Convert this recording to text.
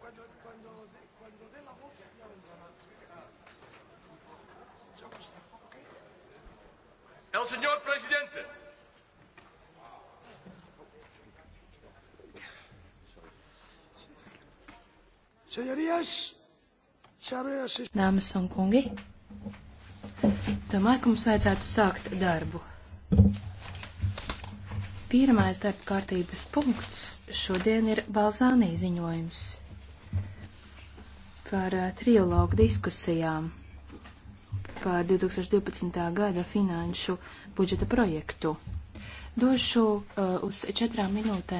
Cuando, cuando, cuando dé la voz ya vendrá la ah. Ya basta, ¿ok? El señor presidente. Señorías, Dāmas un kungi, domāju, ka mums vajadzētu sākt darbu. Pirmais darba kārtības punkts šodien ir Balzānī ziņojums par trilogu diskusijām par 2012. gada finanšu budžeta projektu. Došu uh, uz četrām minūtēm.